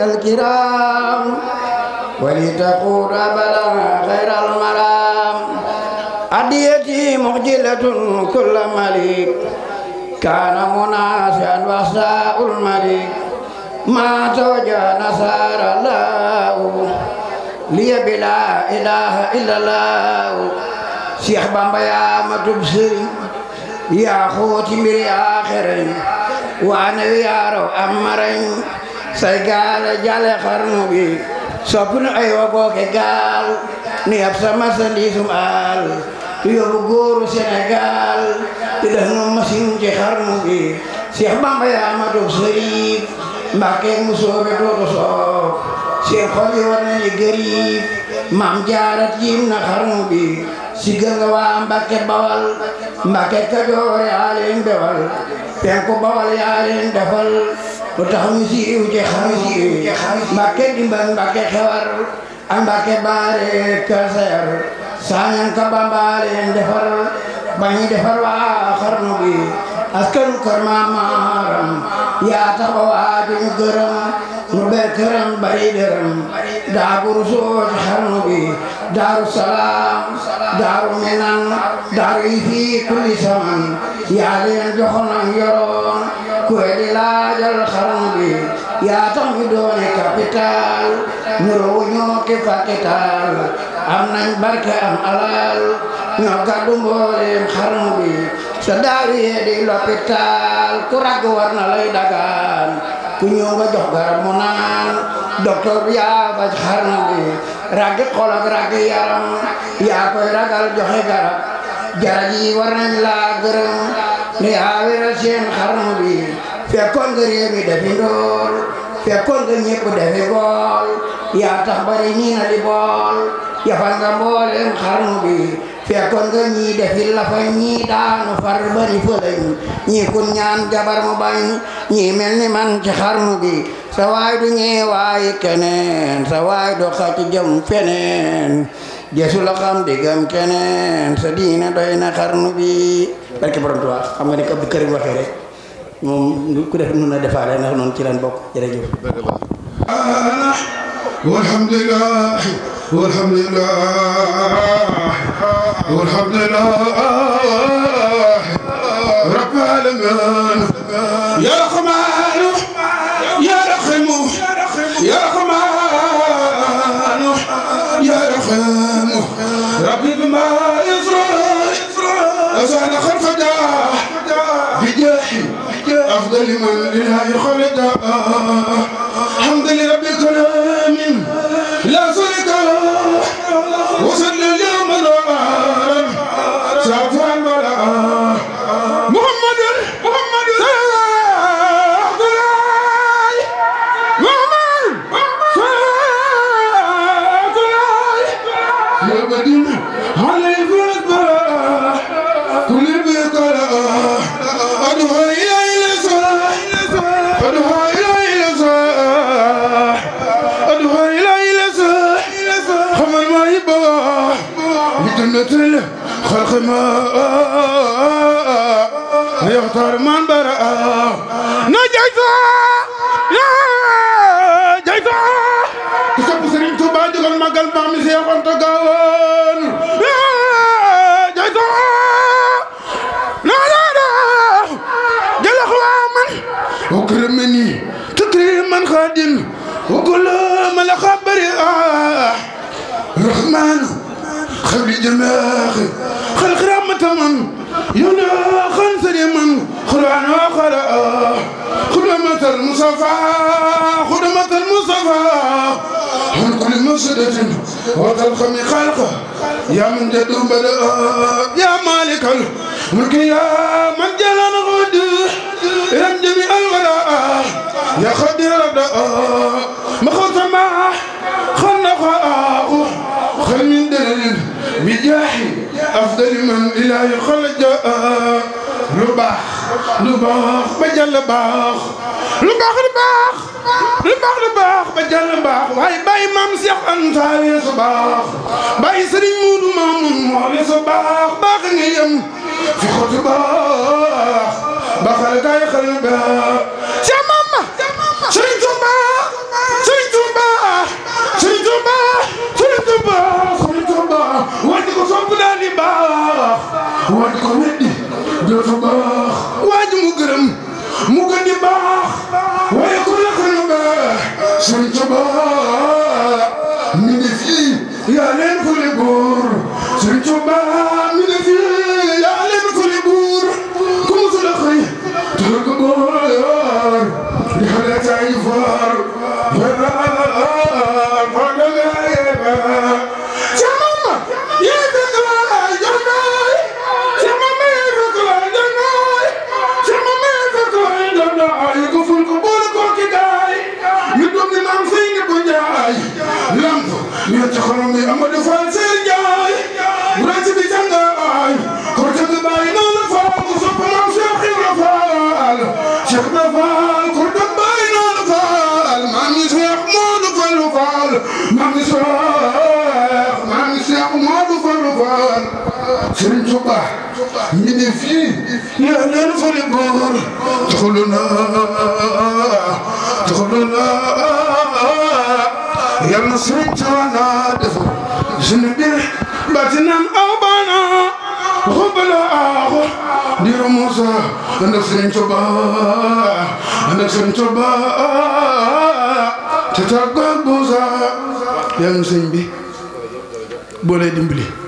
عباد الكرام ولتقول أبدا خير المرام أديتي مخجلة كل مليك كان مناسيا وساء المليك ما توجه نصار الله لي بلا إله إلا الله شيخ بامبا يا ما تبصري يا خوتي مري آخرين وأنا يا رو أمرين say gaale jale xarnu gi sopp nu ay wa gooke gaal ni yab sa marsandiisum aal di góoru Sénégal di def nu machine ci xarnu gi Seex Bamba yaa ma dog sëriif Mbàkke mu soobe dootu soof seen xol yi war nañu gëriif maam jaarat jiim na xarnu bi siggal nga waa bawal Mbàkke Kajoor yaa leen bewal penku bawal yaa leen defal o tax ñu si iw ci xam si iw ci dimbal Mbàkke xewar ak Mbàkke baare kaseer saañan ka Bamba leen defar ba ñu defar waa xarnu bi askan kër maamaaram yaa tax ba waa duñu gërëm mu ber këram bari dërëm daa guru soo ci xarnu bi daaru salaam daaru minan daaru yi fii kulli yaa leen joxoon ak yoroon ku di laajal xaram bi yaa tax ñu doone capital ñoroo ñoo ki fakital am nañ barke am alal ñoo gàddu mbooleem xaram bi sa daaru yee di lopital ku rag war na lay dagaan ku ñëw nga jox garab mu naan docteur yaa faj xarnu bi raggi xol ak raggi yaa koy ragal joxe garab jaraj yi war nañ laa gërëm ne yaa wéral seen xarnu bi fekkoon nga réew mi defi ndool fekkoon nga ñëpp defi bool yaa tax bari ñii di bool yafal nga mboolem xarnu bi fekkoon ñii defil la fa ñii daanu far bari fëlañ ñii kun ñaan jabar mu bañ ñii mel ni man ci xarnu bi sa waay du ñee waay keneen sa waay do xac jëm feneen jeesu xam diggam keneen sa diine doy na xarnu bi barke borom Tuubaa xam nga ni ko Karim waxee rek moom ku def nun a defaale ndax noonu ci lan bokk jërëjëf alhamdulillah والحمد لله والحمد لله رب العالمين يا رحمن يا رحيم يا رحمن يا رحيم ربي بما يزرع أزال خلف داه بجاحي أفضل من لله خلده حمد لربي كله الخلق ما ليختار من برأ نجيت يا جيت كتب سرين توبا جوغل ماغال مامي سيخون تغاون جيت لا لا لا جل اخوامن وكرمني تكريما خادم وكل ملك خبر رحمن خلي جناخي خلق رحمة من ينا خنزل من خلعا وخلعا خدمة المصطفى خدمة المصطفى من كل مفسدة وتلخم خلقه يا من جد بلاء يا مالك الملك يا من جلال غد يا جميع الغلاء يا خدير الرداء مخوصا bijaax afdali man ilaahi xalaja lu baax lu baax ba jàll baax lu baax lu baax lu baax lu baax ba jàll baax waaye bàyyi maam Seex Antaale su baax bàyyi Sëriñ Muudu Maamun moole su baax baax nga yem fi xotu baax ba xal gaay xal baax tay for mbindee fii nee nañ fa di góor taxalu naa taxalu naa yal na sëriñ Tawana defar suñu biir batinam aw baana xumbala aaxu diiru Moussa ànd ak sëriñ Touba ànd ak sëriñ Touba te tàggat Moussa yal na sëriñ bi boo lay dimbali.